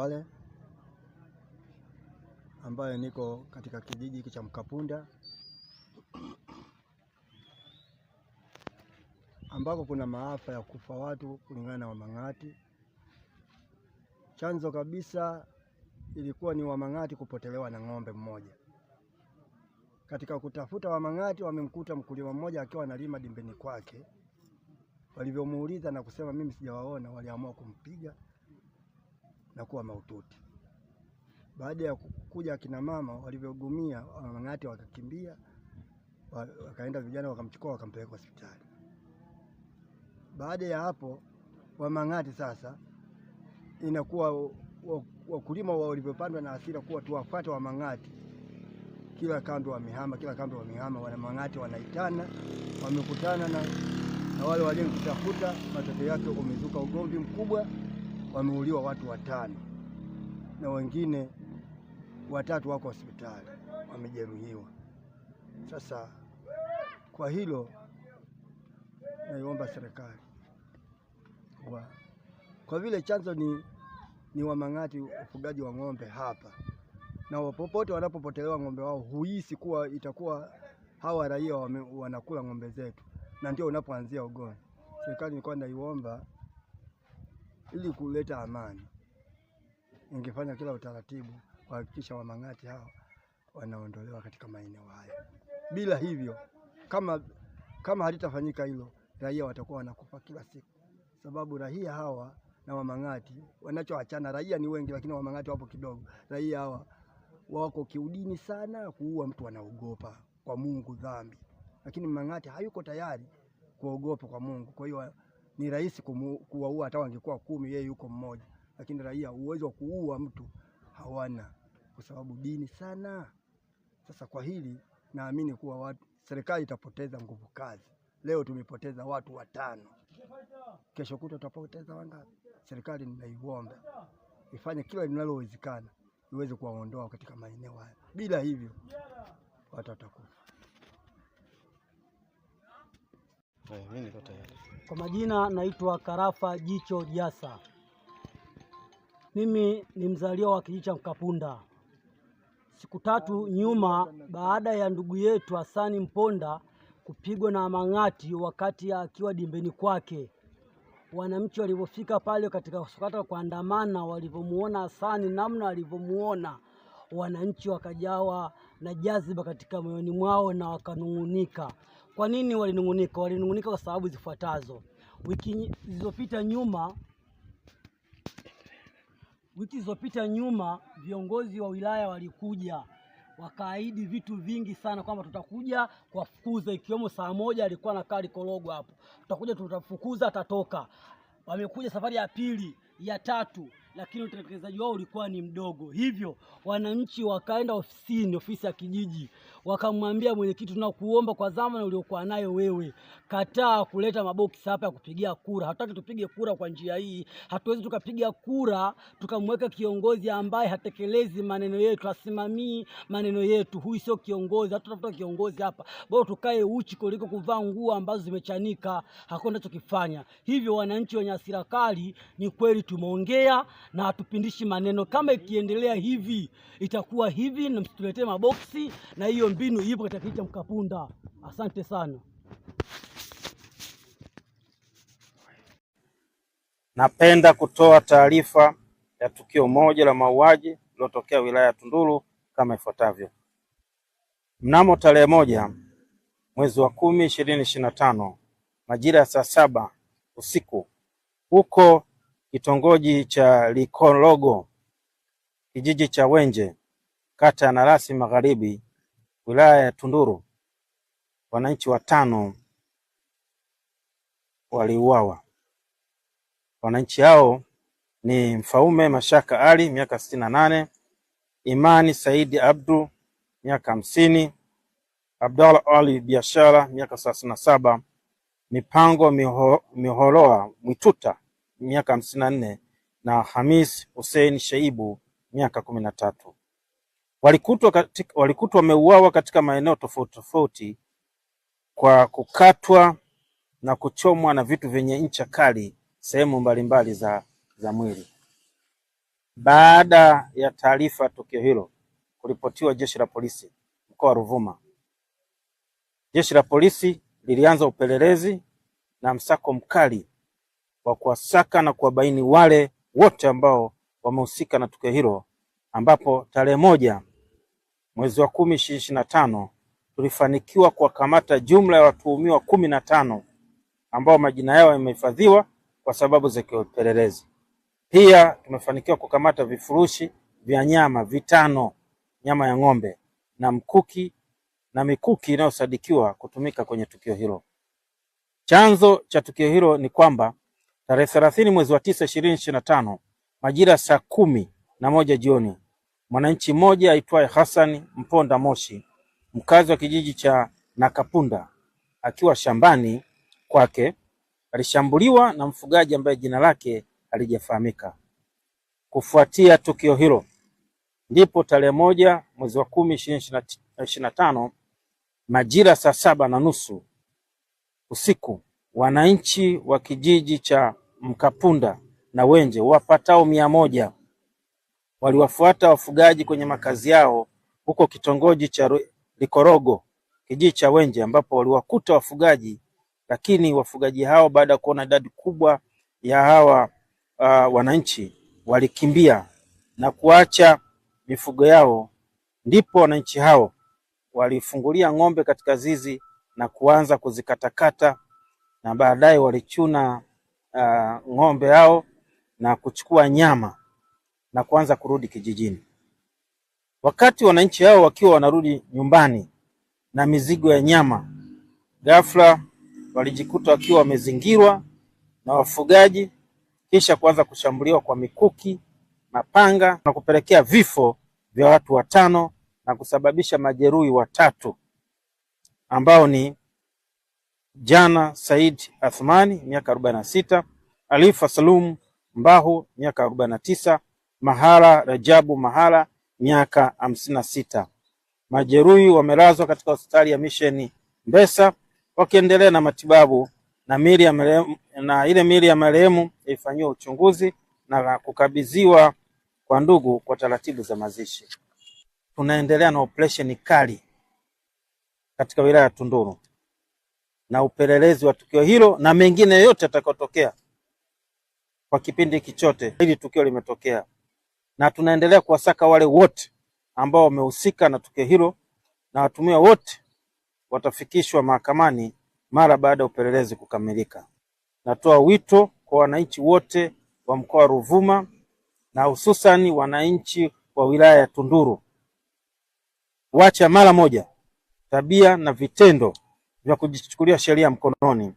Kwale ambayo niko katika kijiji hiki cha Mkapunda ambako kuna maafa ya kufa watu kulingana na Wamang'ati. Chanzo kabisa ilikuwa ni Wamang'ati kupotelewa na ng'ombe mmoja. Katika kutafuta Wamang'ati wamemkuta mkulima mmoja akiwa analima dimbeni kwake, walivyomuuliza na kusema mimi sijawaona, waliamua kumpiga na kuwa mahututi. Baada ya kuja akina mama walivyogumia, Wamang'ati wakakimbia, wakaenda vijana wakamchukua wakampeleka hospitali. Baada ya hapo, Wamang'ati sasa inakuwa wakulima walivyopandwa na hasira kuwa tuwafuate Wamang'ati, kila kambi wamehama, kila kambi wamehama, Wanamang'ati wanaitana, wamekutana na, na wale walio kutafuta. Matokeo yake umezuka ugomvi mkubwa wameuliwa watu watano na wengine watatu wako hospitali wamejeruhiwa. Sasa kwa hilo naiomba serikali kwa, kwa vile chanzo ni, ni Wamang'ati, ufugaji wa ng'ombe hapa na popote wanapopotelewa ng'ombe wao huhisi kuwa itakuwa hawa raia wanakula ng'ombe zetu, na ndio unapoanzia ugoni. Serikali nilikuwa naiomba ili kuleta amani, ningefanya kila utaratibu kuhakikisha wamang'ati hao wanaondolewa katika maeneo hayo. Bila hivyo, kama kama halitafanyika hilo, raia watakuwa wanakufa kila siku, sababu raia hawa na wamang'ati wanachoachana, raia ni wengi, lakini wamang'ati wapo kidogo. Raia hawa wako kiudini sana, kuua mtu anaogopa kwa Mungu dhambi, lakini mang'ati hayuko tayari kuogopa kwa Mungu, kwa hiyo ni rahisi kuwaua, hata wangekuwa kumi, yeye yuko mmoja, lakini raia uwezo wa kuua mtu hawana kwa sababu dini sana. Sasa kwa hili naamini kuwa watu, serikali itapoteza nguvu kazi. Leo tumepoteza watu watano, kesho kuta tutapoteza wangapi? Serikali ninaiomba ifanye kila linalowezekana iweze kuwaondoa katika maeneo haya, bila hivyo watu watakufa. Mimi niko tayari. Kwa majina naitwa Karafa Jicho Jasa. Mimi ni mzaliwa wa kijiji cha Mkapunda. Siku tatu nyuma, baada ya ndugu yetu Hasani Mponda kupigwa na mang'ati wakati akiwa dimbeni kwake, wananchi walivyofika pale katika sukata kuandamana, walivyomuona Hasani namna walivyomuona, wananchi wakajawa na jaziba katika moyoni mwao na wakanung'unika. Kwa nini walinung'unika? Walinung'unika kwa sababu zifuatazo. Wiki zilizopita nyuma, wiki zilizopita nyuma, viongozi wa wilaya walikuja wakaahidi vitu vingi sana kwamba tutakuja kuwafukuza, ikiwemo saa moja alikuwa kali Likologwe hapo, tutakuja tutafukuza, atatoka. Wamekuja safari ya pili, ya tatu lakini utekelezaji wao ulikuwa ni mdogo. Hivyo wananchi wakaenda ofisini, ofisi ya kijiji, wakamwambia mwenyekiti, tunakuomba kwa dhamana uliokuwa nayo wewe, kataa kuleta maboksi hapa ya kupigia kura. Hataki tupige kura kwa njia hii, hatuwezi tukapiga kura tukamweka kiongozi ambaye hatekelezi maneno yetu, hasimamii maneno yetu. Huyu sio kiongozi, hatutafuta kiongozi hapa, bora tukae uchi kuliko kuvaa nguo ambazo zimechanika. Hakuna nachokifanya. Hivyo wananchi wenye hasira kali, ni kweli tumeongea na hatupindishi maneno. Kama ikiendelea hivi itakuwa hivi, na msituletee maboksi, na hiyo mbinu ipo katika kijiji cha Mkapunda. Asante sana. Napenda kutoa taarifa ya tukio moja la mauaji lilotokea wilaya ya Tunduru kama ifuatavyo. Mnamo tarehe moja mwezi wa kumi ishirini ishirini na tano majira ya saa saba usiku huko Kitongoji cha Likologo Kijiji cha Wenje Kata ya Narasi Magharibi Wilaya ya Tunduru Wananchi watano waliuawa. Wananchi hao ni Mfaume Mashaka Ali miaka sitini na nane, Imani Saidi Abdu miaka hamsini, Abdalla Ali Biashara miaka thelathini na saba, Mipango Miholoa Mwituta miaka hamsini na nne na Hamis Hussein sheibu miaka kumi na tatu walikutwa wameuawa katika maeneo tofauti tofauti kwa kukatwa na kuchomwa na vitu vyenye ncha kali sehemu mbalimbali za, za mwili. Baada ya taarifa tukio hilo kuripotiwa jeshi la polisi mkoa wa Ruvuma, jeshi la polisi lilianza upelelezi na msako mkali wa kuwasaka na kuwabaini wale wote ambao wamehusika na tukio hilo, ambapo tarehe moja mwezi wa kumi ishirini na tano tulifanikiwa kuwakamata jumla ya watuhumiwa kumi na tano ambao majina yao yamehifadhiwa kwa sababu za kiupelelezi. Pia tumefanikiwa kukamata vifurushi vya nyama vitano, nyama ya ng'ombe na mkuki na mikuki inayosadikiwa kutumika kwenye tukio hilo. Chanzo cha tukio hilo ni kwamba tarehe thelathini mwezi wa tisa ishirini ishirini na tano majira saa kumi na moja jioni mwananchi mmoja aitwaye Hassan Mponda Moshi mkazi wa kijiji cha Nakapunda akiwa shambani kwake alishambuliwa na mfugaji ambaye jina lake halijafahamika. Kufuatia tukio hilo, ndipo tarehe moja mwezi wa kumi ishirini na tano majira saa saba na nusu usiku wananchi wa kijiji cha Mkapunda na Wenje wapatao mia moja waliwafuata wafugaji kwenye makazi yao huko kitongoji cha Likorogo kijiji cha Wenje ambapo waliwakuta wafugaji, lakini wafugaji hao baada ya kuona idadi kubwa ya hawa uh, wananchi walikimbia na kuacha mifugo yao. Ndipo wananchi hao walifungulia ng'ombe katika zizi na kuanza kuzikatakata na baadaye walichuna uh, ng'ombe hao na kuchukua nyama na kuanza kurudi kijijini. Wakati wananchi hao wakiwa wanarudi nyumbani na mizigo ya nyama, ghafla walijikuta wakiwa wamezingirwa na wafugaji, kisha kuanza kushambuliwa kwa mikuki, mapanga na kupelekea vifo vya watu watano na kusababisha majeruhi watatu ambao ni Jana Said Athmani miaka 46, na sita, Alifa Salum Mbahu miaka 49, na tisa, Rajabu mahala miaka hamsini na sita. Majeruhi wamelazwa katika hospitali ya misheni Mbesa wakiendelea na matibabu na mili ya marehemu, na ile mili ya marehemu ilifanyiwa uchunguzi na kukabidhiwa kwa ndugu kwa taratibu za mazishi. Tunaendelea na operesheni kali katika wilaya ya Tunduru na upelelezi wa tukio hilo na mengine yote yatakayotokea kwa kipindi hiki chote hili tukio limetokea, na tunaendelea kuwasaka wale wote ambao wamehusika na tukio hilo, na watumia wote watafikishwa mahakamani mara baada ya upelelezi kukamilika. Natoa wito kwa wananchi wote wa mkoa wa Ruvuma na hususani wananchi wa wilaya ya Tunduru, wacha mara moja tabia na vitendo vya kujichukulia sheria mkononi